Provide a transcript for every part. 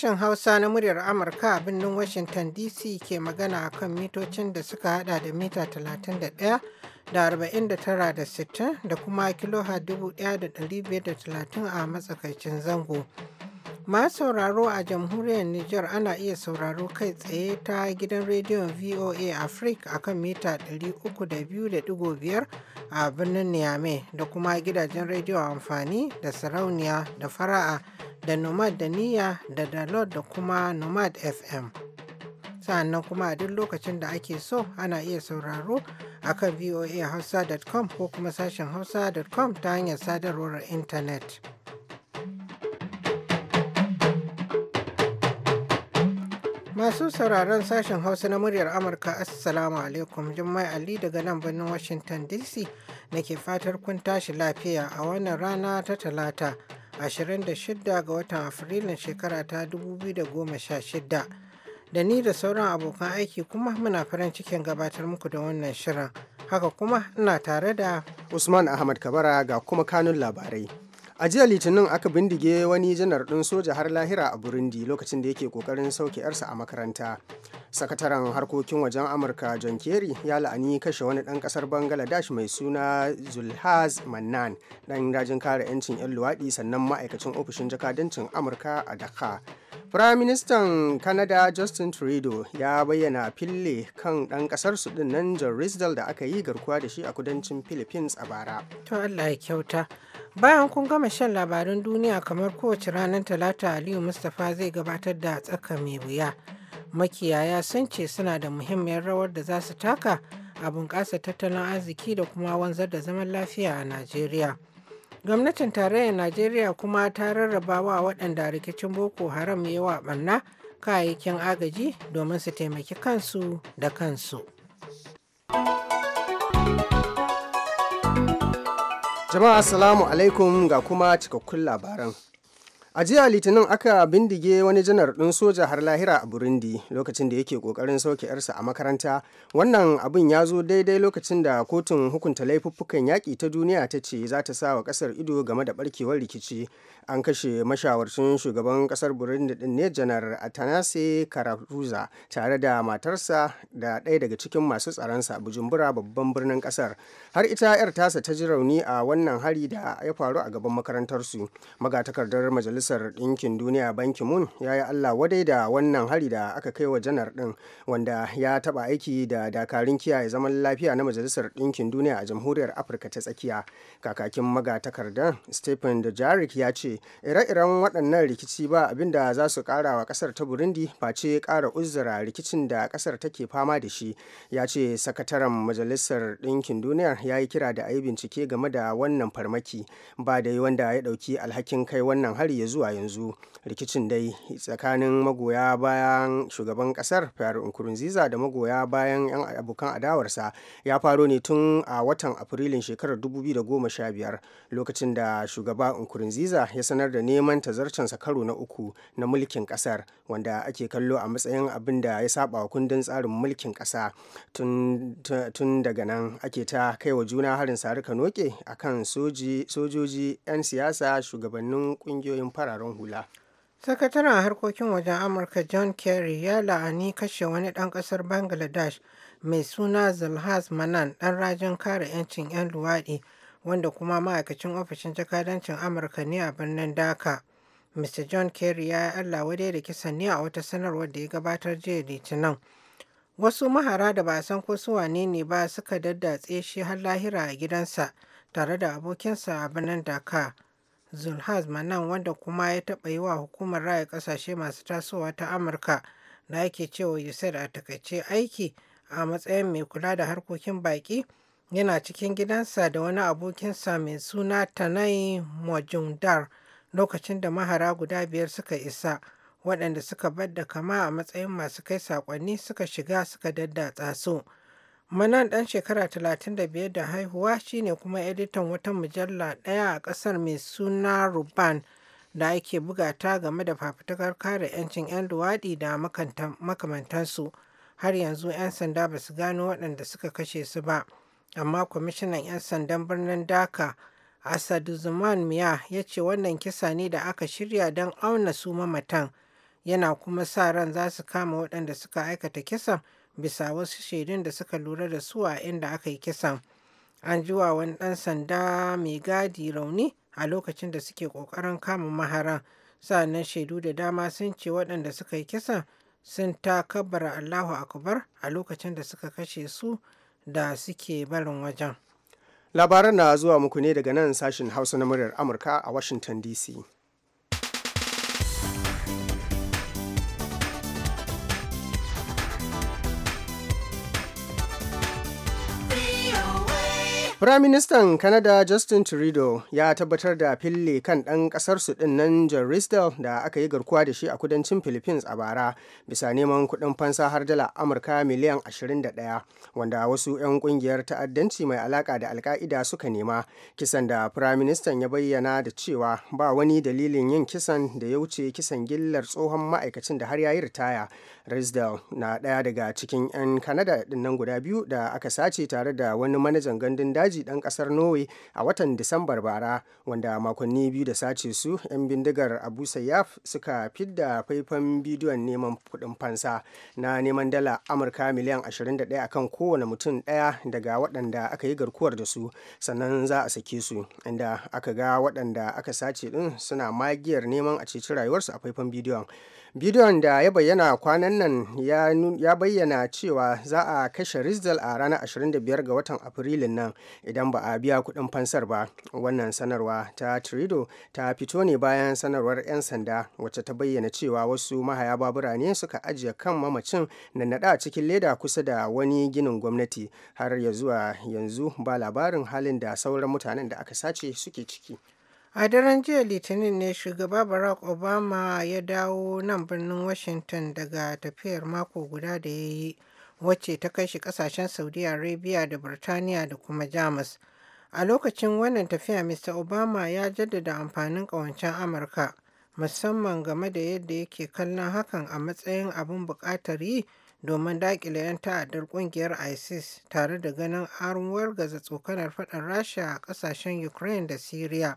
Sashen Hausa na muryar Amurka a birnin Washington DC ke magana a kan mitocin da suka hada da mita 31 da arba'in da tara da sittin da kuma kiloha dubu ɗaya da ɗari biyar da talatin a matsakaicin zango. Ma sauraro a jamhuriyar Nijar ana iya sauraro kai tsaye ta gidan rediyon VOA Africa akan mita 302.5 a birnin Niamey da kuma gidajen rediyo amfani da sarauniya da fara'a da nomad da niya da dalot da kuma nomad FM. sa'annan kuma a duk lokacin da ake so ana iya sauraro a kan voahausa.com ko kuma sashen hausa.com ta hanyar sadarwar intanet. Masu sauraron sashen Hausa na muryar Amurka Assalamu alaikum Jummai Ali daga nan birnin Washington DC na ke fatar kun tashi lafiya a wannan rana ta talata 26 ga watan Afrilun shekara ta 2016. da ni da sauran abokan aiki kuma muna farin cikin gabatar muku da wannan shirin. Haka kuma ina tare da Usman Ahmad Kabara ga kuma kanun labarai. A jiya Litinin aka bindige wani janar ɗin soja har lahira a Burundi lokacin da yake ƙoƙarin sauke 'yarsa a makaranta. sakataren harkokin wajen amurka john kerry ya la'ani kashe wani ɗan ƙasar bangladesh mai suna zulhaz mannan ɗan rajin kare 'yancin 'yan luwaɗi sannan ma'aikacin ofishin jakadancin amurka a dhaka Firaministan Kanada Justin Trudeau ya bayyana fille kan ɗan ƙasar su ɗin nan John risdal da aka yi garkuwa da shi a kudancin Philippines a bara. To Allah ya kyauta. Bayan kun gama shan labarin duniya kamar kowace ranar Talata Aliyu Mustapha zai gabatar da tsaka mai wuya. makiyaya sun ce suna da muhimmiyar rawar da za su taka a bunƙasa tattalin arziki da kuma wanzar da zaman lafiya a najeriya gwamnatin tarayyar najeriya kuma ta rarraba wa waɗanda rikicin boko haram yawa, ɓanna kayayyakin agaji domin su taimaki kansu da kansu jama'a assalamu alaikum ga kuma cikakkun labaran a jiya litinin aka bindige wani janar ɗin soja har lahira a burundi lokacin da yake ƙoƙarin sauke yarsa a makaranta wannan abin ya zo daidai lokacin da kotun hukunta laifuffukan yaƙi ta duniya ta ce za ta sa wa ƙasar ido game da ɓarkewar rikici an kashe mashawarcin shugaban kasar burundi din ne janar atanase kararuza tare da matarsa da ɗaya daga cikin masu tsaronsa bujumbura babban birnin kasar har ita 'yar tasa ta ji rauni a wannan hari da ya faru a gaban makarantarsu magatakardar majalisar ɗinkin duniya banki moon ya yi allah wadai da wannan hari da aka kai wa janar ɗin wanda ya taɓa aiki da dakarun kiyaye zaman lafiya na majalisar ɗinkin duniya a jamhuriyar afirka ta tsakiya kakakin magatakardar stephen dujarric ya ce ire-iren waɗannan rikici ba abin da za su ƙara wa ƙasar ta burundi face ƙara uzura rikicin da ƙasar take fama da shi ya ce sakataren majalisar ɗinkin Duniya ya yi kira da ayi bincike game da wannan farmaki ba da yi wanda ya ɗauki alhakin kai wannan hari ya zuwa yanzu rikicin dai tsakanin magoya bayan shugaban ƙasar pierre nkurunziza da magoya bayan 'yan abokan adawarsa ya faro ne tun a watan afrilun shekarar 2015 lokacin da shugaba nkurunziza ya sanar da neman tazarcensa karo na uku na mulkin kasar wanda ake kallo a matsayin abin da ya saba wa kundin tsarin mulkin kasa tun daga nan ake ta kai wa juna harin sarika noke kan sojoji 'yan siyasa shugabannin kungiyoyin fararen hula sakataren harkokin wajen amurka john kerry ya la'ani kashe wani ɗan ƙasar bangladesh mai suna zalhaz manan ɗan rajin kare 'yancin 'yan luwaɗi wanda kuma ma'aikacin ofishin jakadancin Amurka ne a birnin daka, Mr. John Kerry ya yi Allah wadai da kisan ne a wata sanarwar da ya gabatar jiya Litinin. Wasu mahara da ba a san ko su wane ne ba suka daddatse shi har lahira a gidansa tare da abokinsa a birnin daka, Zulhaz Manan wanda kuma ya taɓa yi wa hukumar raya ƙasashe masu tasowa ta Amurka da ake cewa USAID a takaice aiki a matsayin mai kula da harkokin baƙi yana cikin gidansa da wani abokinsa mai suna Tanai Mojumdar lokacin da mahara guda biyar suka isa waɗanda suka badda kama a matsayin masu kai sakonni suka shiga suka daddatsa su. Manan ɗan shekara 35 da haihuwa shine kuma editan wata mujalla ɗaya a ƙasar mai suna Ruban da ake bugata game da fafutukar kare 'yancin 'yan luwaɗi da makamantansu. Har yanzu 'yan sanda ba su gano waɗanda suka kashe su ba. amma kwamishinan 'yan sandan birnin daka asaduzuman miya ya ce wannan kisa ne da aka shirya don auna su mamatan yana kuma sa ran za su kama waɗanda suka aikata kisan bisa wasu shaidun da suka lura da su a inda aka yi kisan an ji wa wani ɗan sanda mai gadi rauni a lokacin da suke ƙoƙarin kama maharan sa'annan shaidu da dama sun ce waɗanda suka yi kisan sun kabbara allahu akbar a lokacin da suka kashe su da suke barin wajen. Labaran na zuwa muku ne daga nan sashin Hausa na muryar Amurka a Washington DC. Firaministan Kanada Justin Trudeau ya tabbatar da fille kan ɗan ƙasarsu ɗin nan John da aka yi garkuwa da shi a kudancin Philippines a bara bisa neman kuɗin fansa har dala Amurka miliyan 21 wanda wasu 'yan ƙungiyar ta'addanci mai alaƙa da alka'ida suka nema kisan da Firaministan ya bayyana da cewa ba wani dalilin yin kisan da ya wuce kisan gillar tsohon ma'aikacin da har ya yi ritaya Risdale na ɗaya daga cikin 'yan Kanada ɗinnan guda biyu da aka sace tare da wani manajan gandun daji ɗan ƙasar Norway a watan Disambar bara wanda makonni biyu da sace su 'yan bindigar Abu Sayyaf suka fidda faifan bidiyon neman kuɗin fansa na neman dala Amurka miliyan 21 akan kowane mutum ɗaya daga waɗanda aka yi garkuwar da su sannan za a sake su inda aka ga waɗanda aka sace ɗin suna magiyar neman a ceci rayuwarsu a faifan bidiyon. Bidiyon da ya bayyana kwanan wannan ya bayyana cewa za a kashe rizal a ranar 25 ga watan Afrilun nan idan ba a biya kuɗin fansar ba. Wannan sanarwa ta Trido ta fito ne bayan sanarwar 'yan sanda wacce ta bayyana cewa wasu mahaya babura ne suka ajiye kan mamacin na a cikin leda kusa da wani ginin gwamnati har ya zuwa yanzu ba labarin halin da sauran mutanen da aka sace suke ciki. A daren jiya Litinin ne Shugaba Barack Obama ya dawo nan birnin Washington daga tafiyar mako guda da ya yi, wacce ta kai shi kasashen Saudi Arabia da Birtaniya da kuma Jamus. A lokacin wannan tafiya, Mr. Obama ya jaddada amfanin ƙawancen Amurka, musamman game da yadda yake kallon hakan a matsayin abin buƙatar yi domin daƙile 'yan ta'addar ƙungiyar ISIS tare da ganin arwar gaza tsokanar faɗin Rasha a ƙasashen Ukraine da Syria.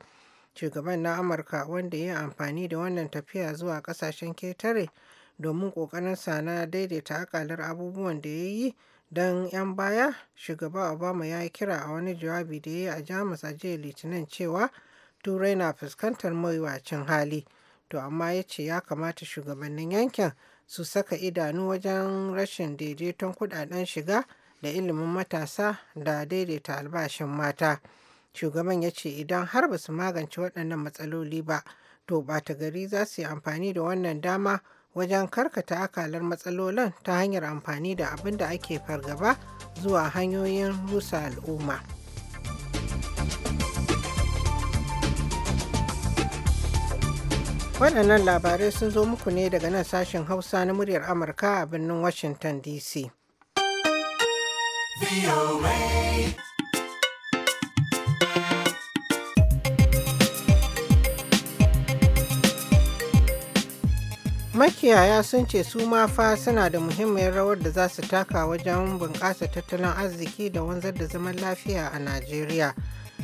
shugaban na amurka wanda ya yi amfani da wannan tafiya zuwa kasashen ketare domin ƙoƙarinsa na daidaita akalar abubuwan da ya yi don 'yan baya shugaba obama ya yi kira a wani jawabi da ya yi a jamus a jiya litinin cewa turai na fuskantar mawuyacin hali to amma ya ce ya kamata shugabannin yankin su saka idanu wajen rashin daidaiton kudaden shiga da ilimin matasa da daidaita albashin mata. Shugaban ya ce idan har ba su magance waɗannan matsaloli ba, to ɓata gari za su yi amfani da wannan dama wajen karkata akalar matsalolin ta hanyar amfani da abin da ake fargaba zuwa hanyoyin rusa al'umma. waɗannan labarai sun zo muku ne daga nan sashen hausa na muryar amurka a birnin washington dc. makiyaya sun ce su ma fa suna da muhimmiyar rawar da za su taka wajen bunƙasa tattalin arziki da wanzar da zaman lafiya a najeriya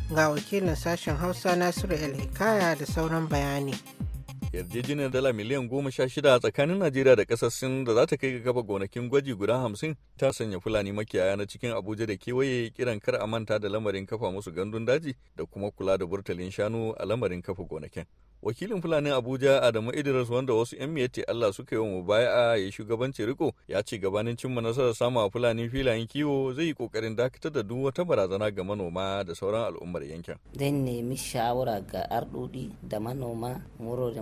ga wakilin sashen hausa nasiru el hikaya da sauran bayani yarjejeniyar dala miliyan goma sha shida tsakanin najeriya da ƙasar sin da za ta kai ga kafa gonakin gwaji guda hamsin ta sanya fulani makiyaya na cikin abuja da kewaye kiran kar a manta da lamarin kafa musu gandun daji da kuma kula da burtalin shanu a lamarin kafa gonakin wakilin fulanin abuja adamu idris wanda wasu yan miyatti allah suka yi wa mubaya'a ya shugabanci riko ya ce gabanin cimma nasarar sama fulani filayen kiwo zai yi kokarin dakatar da duk wata barazana ga manoma da sauran al'ummar yankin zan nemi shawara ga ardudi da manoma muro da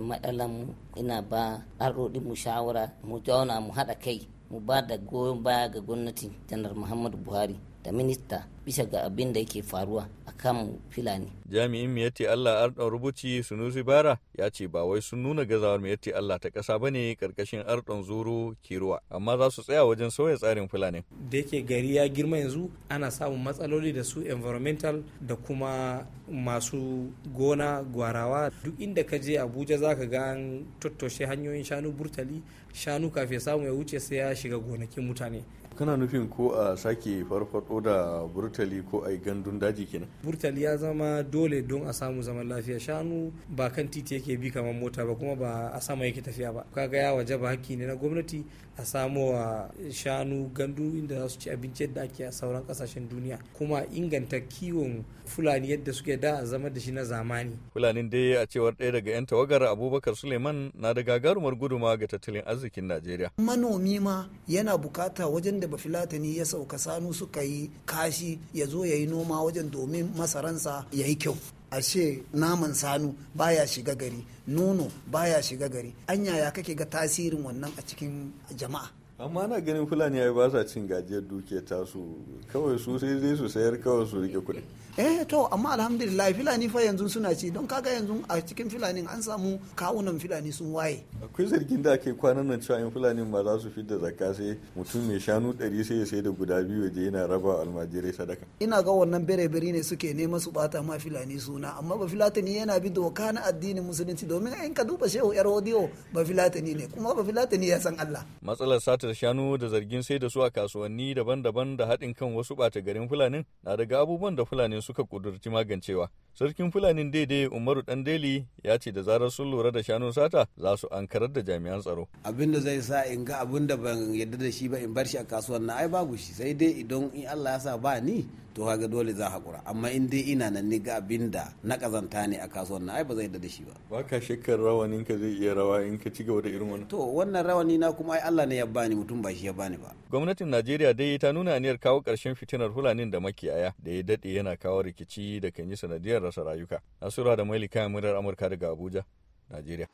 mu ina ba arɗoɗin mu shawara mu jauna mu haɗa kai mu ba da goyon baya ga gwamnatin janar muhammadu buhari da minista bisa ga abin da yake faruwa a kan filani. Jami'in Miyatti Allah Ardon Rubuci Sunusi Bara ya ce ba wai sun nuna gazawar Miyatti Allah ta ƙasa ba ne ƙarƙashin Ardon Zuru Kiruwa, amma za su tsaya wajen sauya tsarin filanin. Da yake gari ya girma yanzu ana samun matsaloli da su environmental da kuma masu gona gwarawa duk inda ka je Abuja za ka ga an tattoshe hanyoyin shanu burtali shanu kafin samu ya wuce sai ya shiga gonakin mutane. kana nufin ko a sake farfado da burtali ko a yi gandun daji kenan burtali ya zama dole don a samu zaman lafiya shanu ba kan titi yake bi kamar mota ba kuma ba a sama yake tafiya ba kaga ya waje ba hakki ne na gwamnati a samo wa shanu gandu inda za su ci abinci yadda ake a sauran kasashen duniya kuma inganta kiwon fulani yadda suke da a zama da shi na zamani fulanin dai a cewar ɗaya daga 'yan tawagar abubakar suleiman na da gagarumar guduma ga tattalin arzikin najeriya manomi ma yana bukata wajen da bafilatani ya sauka sanu suka yi kashi ya zo ya yi noma wajen domin masaransa ya yi kyau ashe naman sanu baya shiga gari nono baya shiga gari an yaya kake ga tasirin wannan a cikin jama'a amma na ganin fulani ya yi ba sa cin gajiyar duke tasu kawai su sai zai su sayar kawai su rike kuɗi eh to amma alhamdulillah filani fa yanzu suna ci don kaga yanzu a cikin filanin an samu kawunan filani sun waye akwai zargin da ake kwanan nan cewa in filanin ba za su fidda zakka sai mutum mai shanu ɗari sai ya sai da guda biyu waje yana raba almajirai sadaka ina ga wannan bere-bere ne suke neman su bata ma filani suna amma ba filatani yana bi doka na addinin musulunci domin in ka duba shehu yar odiyo ba filatani ne kuma ba filatani ya san Allah matsalar satar shanu da zargin sai da su a kasuwanni daban-daban da haɗin kan wasu bata garin fulanin na daga abubuwan da fulanin suka ƙudurci magancewa Sarkin Fulanin daidai Umaru dan deli ya ce da zarar sun lura da shanun sata za su ankarar da jami'an tsaro. Abin da zai sa in ga abin da ban yadda da shi ba in bar shi a kasuwar na ai babu shi sai dai idan in Allah ya sa ba ni to kaga dole za haƙura amma in dai ina nan ni ga abin da na kazanta ne a kasuwar na ai ba zai yadda da shi ba. Ba ka shakkar rawanin ka zai iya rawa in ka ci gaba da irin wannan. To wannan rawani na kuma ai Allah ne ya bani mutum ba shi ya bani ba. Gwamnatin Najeriya dai ta nuna aniyar kawo karshen fitinar Fulanin da makiyaya da ya dade yana kawo rikici da kan yi sanadiyar rasa rayuka asura da kayan murar amurka daga abuja najeriya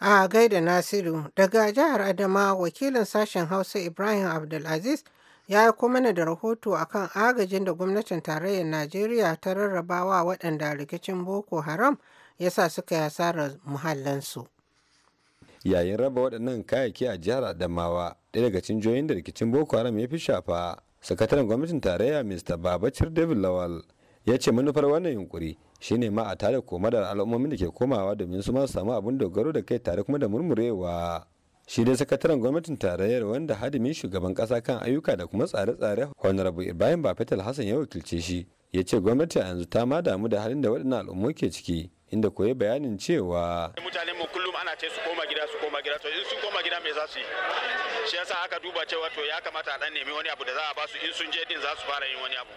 a gaida nasiru daga jihar adama wakilin sashen hausa ibrahim abdulaziz ya yi mana da rahoto akan agajin da gwamnatin tarayyar najeriya ta rarrabawa waɗanda rikicin boko haram ya sa suka hasarar muhallansu yayin raba waɗannan kayayyaki a jihar adamawa ɗaya daga cinjoyin da rikicin boko haram ya fi shafa sakataren gwamnatin tarayya mr babacir david lawal ya ce manufar wannan yunkuri shine ma a tare koma da al'ummomin da ke komawa domin su ma samu abin dogaro da kai tare kuma da murmurewa shi dai sakataren gwamnatin tarayyar wanda hadimin shugaban kasa kan ayyuka da kuma tsare-tsare honorable ibrahim bafetal hassan ya wakilce shi ya ce gwamnati a yanzu ta ma damu da halin da waɗannan al'ummo ke ciki inda koyi bayanin cewa mutanen mu kullum ana ce su koma gida su koma gida to in su koma gida me za su yi shi yasa aka duba cewa to ya kamata a dan nemi wani abu da za a ba su in sun je din za su fara yin wani abu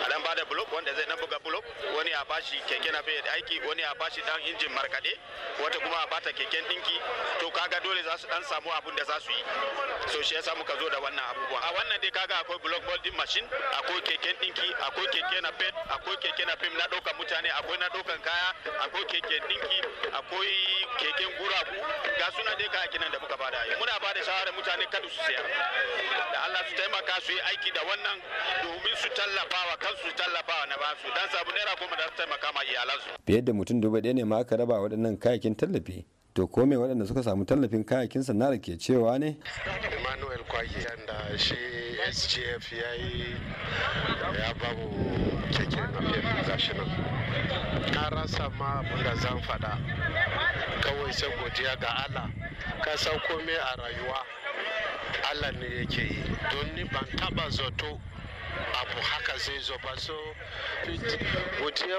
a dan bada block wanda zai dan buga block wani a shi keke na fayar aiki wani a shi dan injin markade wata kuma a bata keken dinki to kaga dole za su dan samu abun da za su yi so shi yasa muka zo da wannan abubuwan a wannan dai kaga akwai block din machine akwai keken dinki akwai keke na pet akwai keke na fim na daukan mutane akwai na daukan kaya akwai keken dinki akwai keken guragu ga suna dai kayakin nan da muka bada muna bada shawara mutane kada su sayar da Allah su taimaka su yi aiki da wannan domin su tallafawa kansu su tallafawa na su, dan sabu naira goma da su taimaka ma iyalansu fiye da mutum dubu ɗaya ne ma aka raba waɗannan kayakin tallafi to ko me waɗanda suka samu tallafin kayakin sana'ar ke cewa ne emmanuel kwaki da shi sgf ya yi ya babu keke na gashi nan na rasa ma abinda zan faɗa kawai sai godiya ga allah ka san komai a rayuwa allah ne yake yi don ni ban taba zato abu haka zai zo ba so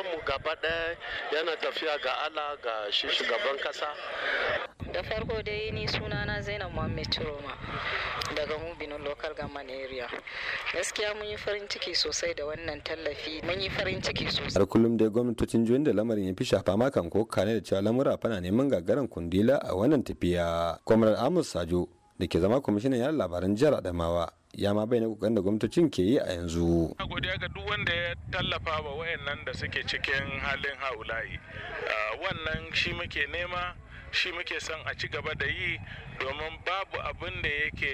mu gaba ɗaya yana tafiya ga allah ga shi shugaban kasa da farko dai ni sunana zainab muhammed turoma daga mubinin local government area gaskiya mun yi farin ciki sosai da wannan tallafi mun yi farin ciki sosai har kullum dai gwamnatocin juyin da lamarin ya fi shafa makan ko kane da cewa lamura fana neman gagarin kundila a wannan tafiya kwamrar amur sajo da ke zama kwamishinan yada labaran jihar adamawa ya ma bai na kokarin da gwamnatocin ke yi a yanzu. Na godiya ga duk wanda ya tallafa wa wayannan da suke cikin halin haulayi. Ah, wannan shi muke nema shi muke son a ci gaba da yi domin babu abin da yake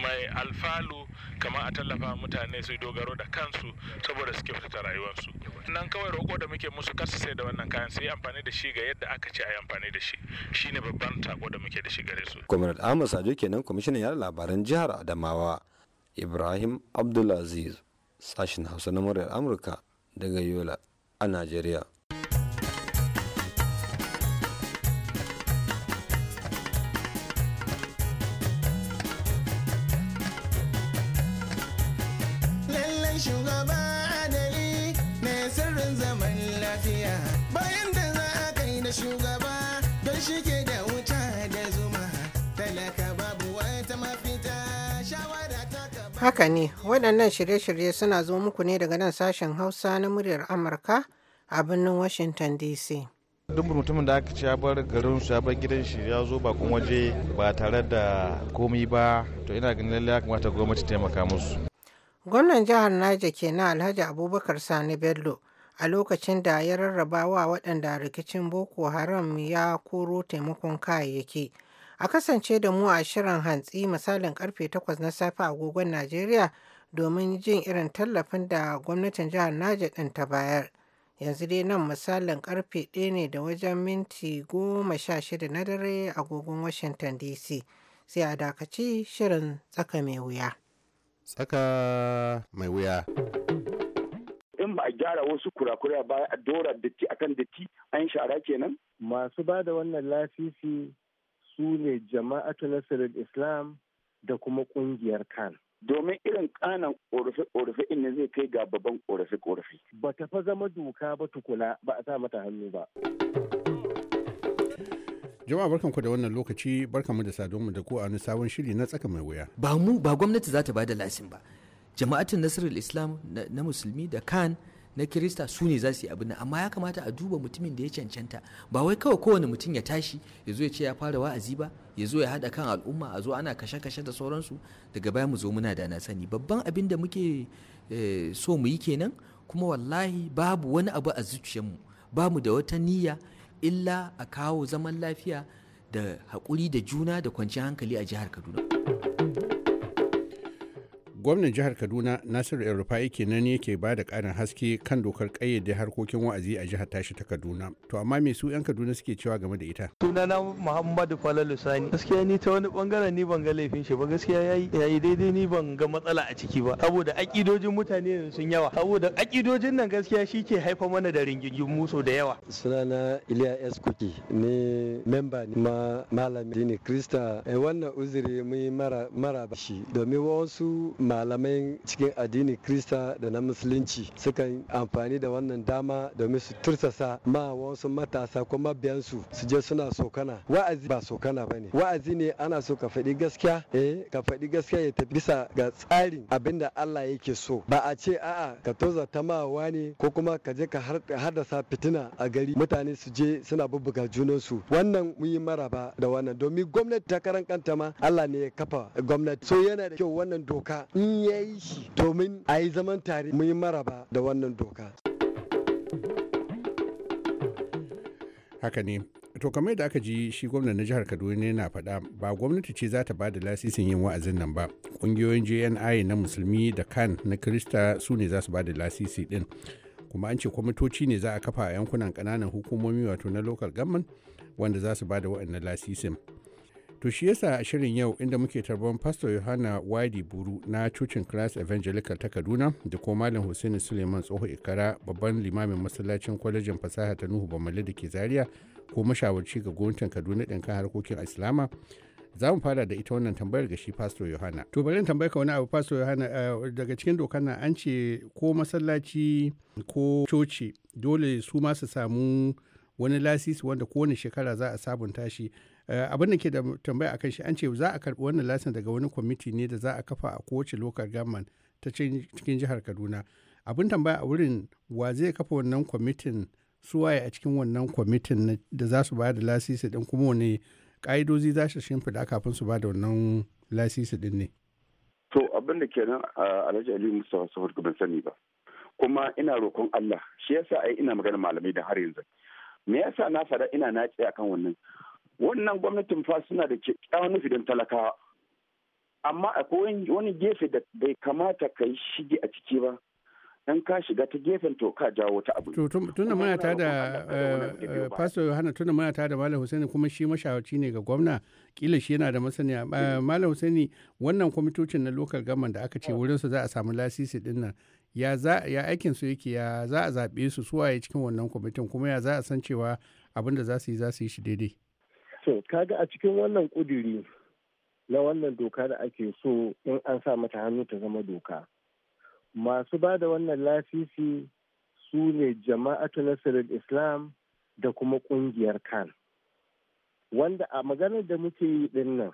mai alfalu kamar a tallafa mutane su dogaro da kansu saboda suke fita rayuwarsu nan kawai roƙo da muke musu kar su sai da wannan kayan su yi amfani da shi ga yadda aka ce a yi amfani da shi shine babban tako da muke da shi gare su comrade ahmad sajo kenan kwamishinan yara labaran jihar adamawa ibrahim abdulaziz sashin hausa na muryar amurka daga yola a najeriya don bayan da za a da shugaba don shi da wuta da zuma talaka babu wata haka ne waɗannan shirye-shirye suna zo muku ne daga nan sashen hausa na muryar amurka a birnin washington dc duk mutumin da aka ci ya bar garin su ya bar gidan shi ya zo bakon waje ba tare da komi ba to ina ganin lallai ya kamata gwamnati taimaka musu gwamnan jihar naija kenan alhaji abubakar sani bello a lokacin da ya rarraba wa waɗanda rikicin Boko Haram ya koro taimakon kayayyaki. A kasance da mu a shirin hantsi misalin karfe 8 na safe a agogon Najeriya domin jin irin tallafin da gwamnatin jihar Naja ɗin ta bayar. Yanzu dai nan misalin karfe 1 ne da wajen minti 16 na dare agogon Washington DC. Sai a dakaci shirin tsaka mai wuya. Tsaka mai wuya. kuma a gyara wasu kurakurai a baya a dora datti akan datti an shara kenan masu ba da wannan lasisi su ne jama'atu nasarar islam da kuma kungiyar kan domin irin kanan korafe-korafe in ne zai kai ga babban korafe-korafe. Ba ta fa zama doka ba tukuna ba a sa mata hannu ba. Jama'a barkanku da wannan lokaci barkanmu da saduwa da ku a wani sabon shiri na tsaka mai wuya. Ba mu ba gwamnati za ta ba da lasin ba. jama'atin nasarar islam na musulmi da kan na kirista su ne za su yi abin amma ya kamata a duba mutumin da ya cancanta ba wai kawai kowane mutum ya tashi ya zo ya ce ya fara wa'azi ba ya zo ya haɗa kan al'umma a zo ana kashe-kashe da sauransu daga baya mu zo muna da na sani babban abin da muke eh, so mu yi kenan kuma wallahi babu wani abu a zuciyarmu ba mu da wata niyya illa a kawo zaman lafiya da haƙuri da juna da kwanciyar hankali a jihar kaduna. gwamnan jihar kaduna nasiru el kenan yake ba da ƙarin haske kan dokar ƙayyade harkokin wa'azi a jihar tashi ta kaduna to amma me su 'yan kaduna suke cewa game da ita sunana muhammadu falalu sani gaskiya ni ta wani bangaren ni ban ga laifin shi ba gaskiya yayi yayi daidai ni ban ga matsala a ciki ba saboda akidojin mutane sun yawa saboda akidojin nan gaskiya shi ke haifa mana da ringingin muso da yawa sunana iliya s kuki ne memba ne ma malami ni krista eh, wannan uzuri mun mara mara shi domin wasu ma malamai cikin addini krista da na musulunci sukan amfani da wannan dama domin su tursasa ma wasu matasa ko mabiyansu su je suna sokana wa'azi ba sokana ba ne wa'azi ne ana so ka faɗi gaskiya eh ka faɗi gaskiya ya tafi bisa ga tsarin abinda Allah yake so ba a ce a'a ka toza ta mawa ne ko kuma ka je ka haddasa fitina a gari mutane su je suna bubbuga junansu wannan mun yi ba da wannan domin gwamnati ta karan kanta ma Allah ne ya kafa gwamnati so yana da kyau wannan doka in ya yi shi domin a yi zaman tare mu yi maraba da wannan doka. Haka ne, to kamar da aka ji shi gwamnan na jihar Kaduna yana faɗa ba gwamnati ce za ta ba da lasisin yin wa'azin nan ba. Ƙungiyoyin JNI na Musulmi da kan na Kirista su ne za su ba da lasisi ɗin. Kuma an ce kwamitoci ne za a kafa a yankunan ƙananan hukumomi wato na local government wanda za su ba da waɗannan lasisin. To shi yasa a shirin yau inda muke tarban Pastor Yohana Wadi Buru na cocin Christ Evangelical ta Kaduna da kuma Malam Hussein Suleiman Tsoho Ikara babban limamin masallacin kwalejin fasaha ta Nuhu Bamale da ke Zaria ko mashawarci ga gwamnatin Kaduna din kan harkokin Islama. Za mu fara da ita wannan tambayar ga shi Pastor Yohana. To bari tambayar ka wani abu Pastor Yohana eh, daga cikin dokar na an ce ko masallaci ko coci dole su ma su samu wani lasisi wanda kowane shekara za a sabunta shi Eh, abin da ke da tambaya akan shi an ce za a karbi wannan lasin daga wani kwamiti ne da za a kafa a kowace local government ta cikin jihar kaduna abin tambaya a wurin wa zai kafa wannan kwamitin suwaye a cikin wannan kwamitin da za su bayar da lasisi din kuma ne ka'idoji za su shimfida kafin su ba da wannan lasisi din ne to abin da ke nan alhaji ali mustafa sahur ban sani ba kuma ina roƙon allah shi yasa ai ina magana malamai da har yanzu me yasa na faɗa ina naci akan wannan wannan gwamnatin fa suna da kyakkyawan nufi don talakawa amma akwai wani gefe da bai kamata ka yi shige a ciki ba dan ka shiga ta gefen to ka jawo ta abu. tunda muna ta da eh, Pastor Yohana tunda muna ta da Malam Husaini kuma shi mashawarci ne ga gwamna kila shi yana da masaniya. Eh, eh. Malam Husaini wannan kwamitocin na local government da aka ce wurin su za a samu lasisi din nan ya za ya aikin su yake ya za a zabe su suwaye cikin wannan kwamitin kuma ya za a san cewa abin da za su yi za su yi shi daidai. To, kaga a cikin wannan kuduri na wannan doka da ake so in an sa mata hannu ta zama doka. Masu ba da wannan lasisi su ne jama'atu nasarar Islam da kuma ƙungiyar kan. Wanda a maganar da muke yi dinnan,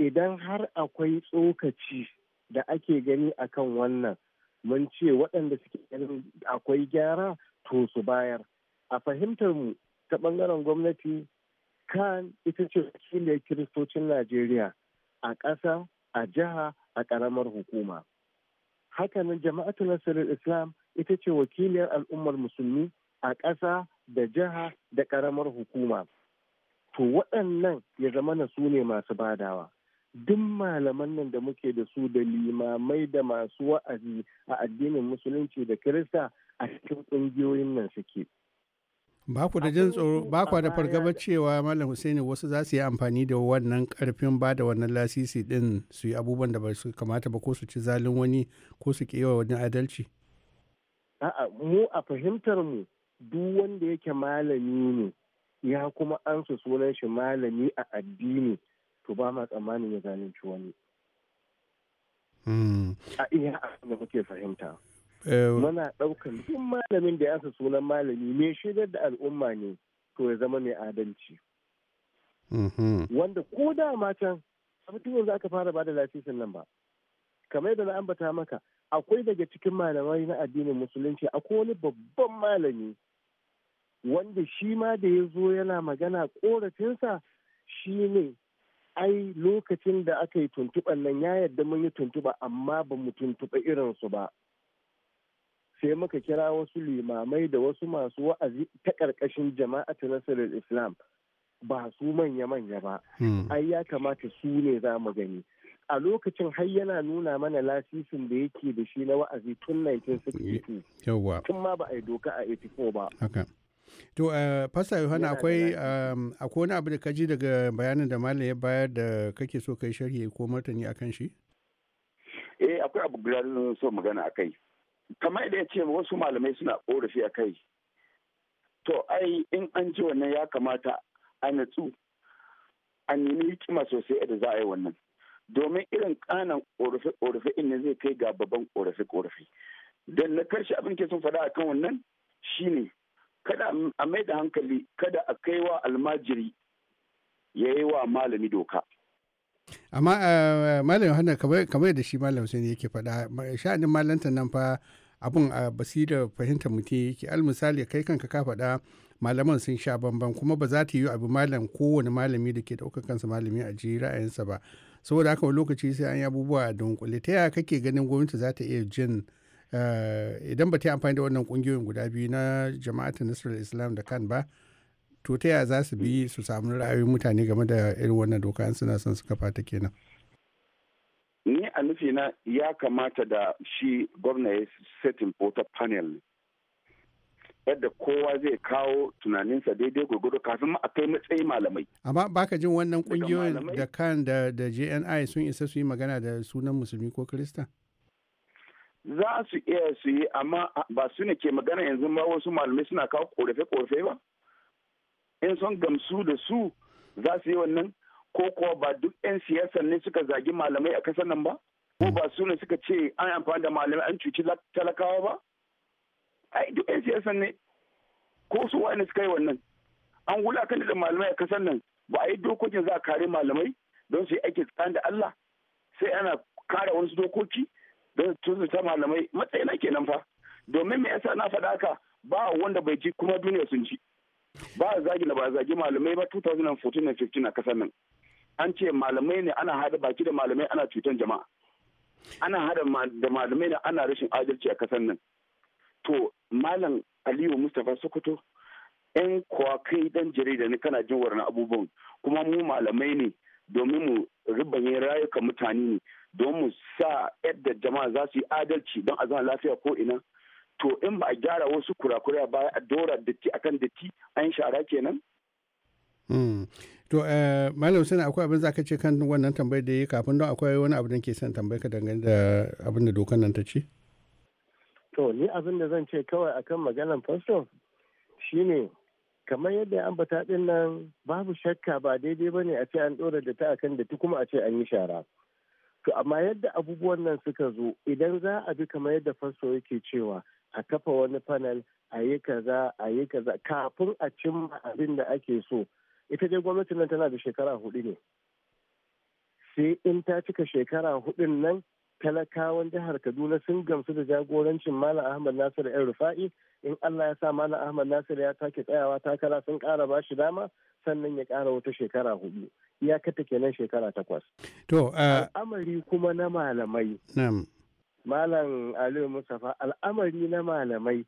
idan har akwai tsokaci da ake gani akan wannan, mun ce waɗanda suke akwai gyara to su bayar. A fahimtar mu ta ɓangaren gwamnati kan ita ce wakilin kiristocin najeriya a ƙasa a jiha a ƙaramar hukuma hakanan jama'atu nasarar islam ita ce wakiliyar al'ummar musulmi a ƙasa da jiha da ƙaramar hukuma to waɗannan ya zama na su ne masu badawa duk malaman nan da muke da su da limamai da masu wa'azi a addinin musulunci da kirista a cikin ƙungiyoyin nan suke ba ku da jin tsoro ba ku da fargaba cewa malam Husaini wasu za su yi amfani da wannan karfin ba da wannan lasisi din su yi abubuwan da ba su kamata ba ko su ci zalin wani ko su kewa wani adalci a'a mu a fahimtar mu duk wanda yake malami ne ya kuma an su sunan shi malami a addini to ba ma tsammanin ya zalunci wani hmm. a iya da muke fahimta Eh, muna ɗaukan duk malamin da ya sa sunan malami mai shigar da al'umma ne to ya zama mai adalci mhm. wanda ko da matan mutum yanzu aka fara bada lasisin nan ba kamar da na ambata maka akwai daga cikin malamai na addinin musulunci akwai wani babban malami wanda shi ma da ya zo yana magana korafinsa shi ne ai lokacin da aka yi tuntuɓan nan ya yarda mun yi tuntuɓa amma ba mu tuntuɓa irinsu ba sai muka kira wasu limamai da wasu masu wa'azi ta ƙarƙashin ta nasarar islam ba su manya-manya ba hmm. ai ya kamata su ne za mu gani a lokacin har yana nuna mana lasisin da yake da shi na wa'azi tun 1962 tun ma ba a yi doka a 84 ba to fasa eh, yohana akwai um, akwai wani abu da kaji daga bayanin da malam ya bayar da kake so kai sharhi ko martani akan shi eh akwai abu guda so magana akai kamar da ya ce wasu malamai suna korafi a kai to ai in an ji wannan ya kamata a natsu a nemi hikima sosai da za a yi wannan domin irin kanan korafi-korafi inda zai kai ga babban korafi korafi don na karshe abin ke sun faɗa akan wannan shine kada a mai da hankali kada a kaiwa almajiri ya yi wa malami doka amma eh, eh, malam yohana kamar da shi malam hussein yake faɗa sha'anin malanta nan fa abun a eh, basira fahimtar mutum yake al misali kai kanka ka faɗa malaman sun sha bamban kuma ba za ta yi abu malam kowane malami da ke ɗaukar kansa malami a ji ra'ayinsa ba saboda haka lokaci sai an yi abubuwa a dunkule ta yaya kake ganin gwamnati za ta iya jin idan ba ta yi amfani da wannan kungiyoyin guda biyu na jama'atin nasarar islam da kan ba to ta yaya za su bi su samu ra'ayoyin mutane game da irin wannan doka in suna son su kafa ta kenan ni a nufina ya kamata da shi gwamna ya setting voter panel yadda kowa zai kawo tunaninsa daidai gwagwado kafin a kai matsayin malamai. Amma baka jin wannan kungiyoyin da kan da, da JNI sun isa su yi magana da sunan musulmi ko Kirista? Za su iya su yi amma ba su ne ke magana yanzu ba wasu malamai suna kawo korafe-korafe ba. in sun gamsu da su za su yi wannan ko kuwa ba duk 'yan siyasan ne suka zagi malamai a kasar nan ba ko ba su ne suka ce an amfani da malamai an cuci talakawa ba ai duk 'yan siyasan ne ko su wani suka yi wannan an wula kan da malamai a kasar nan ba a yi dokokin za a kare malamai don su yi aiki tsakanin da Allah sai ana kare wasu dokoki don su ta malamai matsayina kenan fa domin me yasa na faɗa ka, ba wanda bai ji kuma duniya sun ji ba a zagi na ba a zagi malamai ba 2014 na 15 a kasar nan an ce malamai ne ana hada baki da malamai ana cutan jama'a ana hada da malamai ne ana rashin adalci a kasar nan to malam aliyu mustapha sokoto yan kuwa kai dan jarida ne kana jin warna abubuwan kuma mu malamai ne domin mu ribanye rayuka mutane ne don mu sa yadda jama'a za su yi adalci don a zama lafiya ko ina to in ba a gyara wasu kurakurai ba a dora datti akan datti an shara kenan hmm. to eh, malam sani akwai abin za ka ce kan wannan tambayar da yi kafin don akwai wani abu da ke son tambayar ka dangane da abin da dokan nan ta ce to ni abin da zan ce kawai akan maganar fasto shine kamar yadda an bata din nan babu shakka ba daidai ba ne a ce an dora da akan datti kuma a ce an yi shara to amma yadda abubuwan nan suka zo idan za a bi kamar yadda fasto yake cewa a kafa wani panel a yi kaza a yi kaza kafin a cimma abin da ake so ita dai gwamnati nan tana da shekara hudu ne sai in ta cika shekara hudun nan talakawan jihar kaduna sun gamsu da jagorancin malam ahmad nasir yan rufa'i in allah ya sa malam ahmad Nasiru ya take tsayawa takara sun kara ba shi dama sannan ya kara wata shekara hudu iyakata kenan shekara takwas to uh, amari kuma na malamai Malam Aliyu Mustapha al'amari na malamai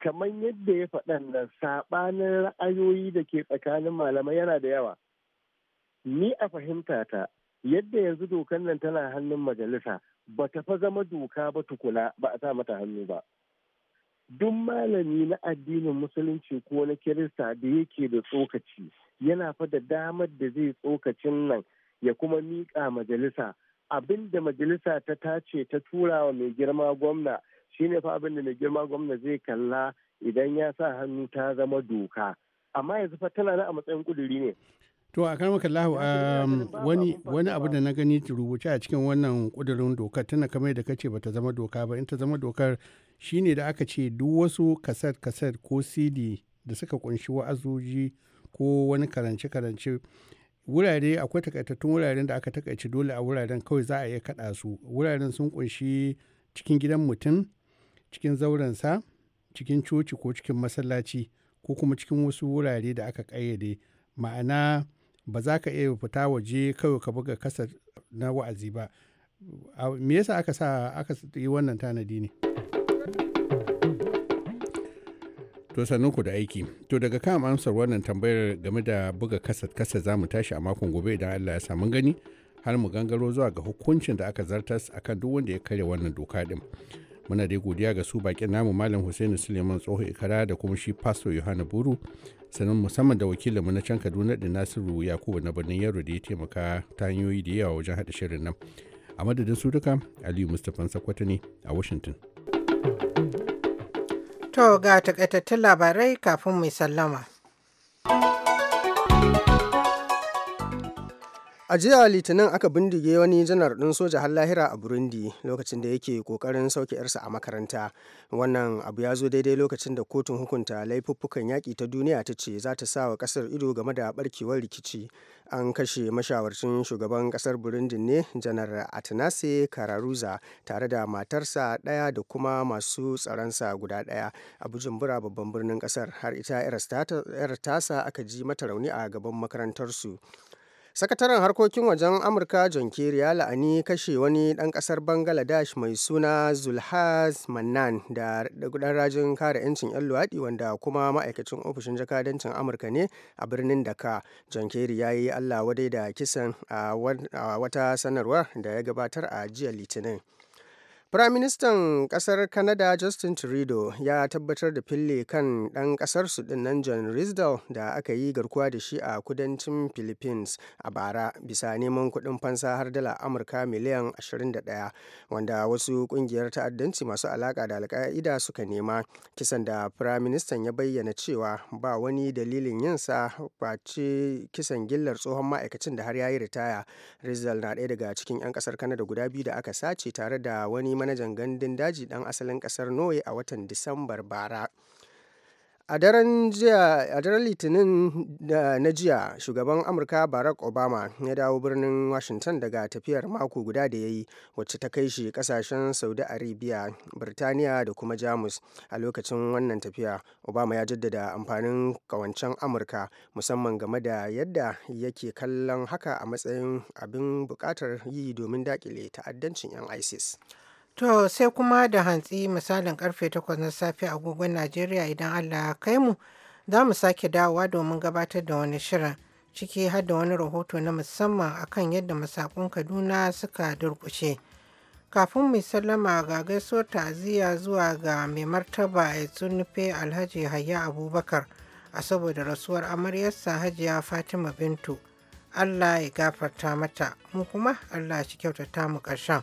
kamar yadda ya faɗa nan saɓanin ra'ayoyi da ke tsakanin malamai yana da yawa. Ni a fahimta ta yadda yanzu dokan nan tana hannun majalisa ba ta fa zama doka ba tukuna ba a sa mata hannu ba. Duk malami na addinin musulunci ko na kirista da yake da tsokaci yana fa da damar da zai tsokacin nan ya kuma miƙa majalisa abin da majalisa ta tace ta tura wa mai girma gwamna shine fa abin da mai girma gwamna zai kalla idan ya sa hannu ta zama doka amma yanzu fa tana na a matsayin kuduri ne to a maka lahu um, wani wani abu da na gani rubuce a cikin wannan kudurin dokar tana kamar da kace bata zama doka ba in ta zama dokar shine da aka ce duk wasu kasar-kasar ko cd da suka kunshi wa'azoji ko wani karance karance wurare akwai takaitattun wuraren da aka takaice dole a wuraren kawai za a iya kaɗa su wuraren sun kunshi cikin gidan mutum cikin zaurensa cikin coci ko cikin masallaci ko kuma cikin wasu wurare da aka ƙayyade ma'ana ba za ka iya fita waje kawai ka buga kasa na wa'azi ba me yasa aka sa aka yi wannan tanadi ne To ku da aiki. To daga kan amsar wannan tambayar game da buga kasa za mu tashi a makon gobe idan Allah ya samu gani har mu gangaro zuwa ga hukuncin da aka zartas akan duk wanda ya karya wannan doka din. Muna dai godiya ga su bakin namu Malam Hussein Suleiman Tsoho Ikara da kuma shi Pastor Yohana Buru sannan musamman da wakilinmu na can Kaduna da Nasiru Yakubu na birnin Yaro da ya taimaka ta hanyoyi da yawa wajen haɗa shirin nan. A madadin su duka Aliyu Mustapha Sakwata ne a Washington. To ga takaitattun labarai kafin mai sallama. a jiya litinin aka bindige wani janar din soja har lahira a burundi lokacin da yake kokarin sauke yarsa a makaranta wannan abu ya zo daidai lokacin da kotun hukunta laifuffukan yaƙi ta duniya ta ce za ta sa wa ƙasar ido game da barkewar rikici an kashe mashawarcin shugaban ƙasar burundi ne janar atanase kararuza tare da matarsa ɗaya da kuma masu tsaronsa guda ɗaya a bujumbura babban birnin ƙasar har ita 'yar tasa aka ji mata rauni a gaban makarantarsu sakataren harkokin wajen amurka john kerry ya la'ani kashe wani ɗan ƙasar bangladesh mai suna zulhaz mannan da ɗan rajin kare 'yancin 'yan luwaɗi wanda kuma ma'aikacin ofishin jakadancin amurka ne a birnin daka john kerry ya yi allah wadai da kisan a wata sanarwa da ya gabatar a jiya litinin Firaministan ƙasar kanada Justin Trudeau ya tabbatar da fille kan ɗan su ɗinnan John Risdale da aka yi garkuwa da shi a kudancin Philippines a bara bisa neman kuɗin fansa har dala Amurka miliyan 21 wanda wasu ƙungiyar ta'addanci masu alaƙa da alka'ida suka nema kisan da Firaministan ya bayyana cewa ba wani dalilin yinsa face kisan gillar tsohon ma'aikacin da har ya yi ritaya. Risdale na ɗaya daga cikin 'yan ƙasar kanada guda biyu da aka sace tare da wani manajan gandun daji dan asalin kasar norway a watan disambar bara a daren a daren litinin na jiya shugaban amurka barack obama ya dawo birnin washington daga tafiyar mako guda da ya yi wacce ta kai shi kasashen saudi arabia birtaniya da kuma jamus a lokacin wannan tafiya obama ya jaddada amfanin kawancen amurka musamman game da yadda yake kallon haka a matsayin abin bukatar yi domin dakile ta'addancin 'yan isis To sai kuma da hantsi misalin karfe takwas na safe agogon Najeriya idan Allah ya kai mu za mu sake dawowa domin gabatar da wani shirin ciki har da wani rahoto na musamman akan yadda masakun Kaduna suka durkushe. Kafin mu sallama ga gaisuwar ta'aziyya zuwa ga mai martaba ya tsunufe Alhaji Hayya Abubakar a saboda rasuwar amaryarsa Hajiya Fatima Bintu. Allah ya gafarta mata mu kuma Allah shi kyautata mu ƙarshen.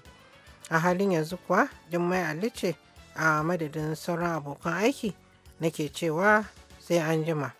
a halin yanzu kuwa jummai alice a madadin sauran abokan aiki nake cewa sai an jima.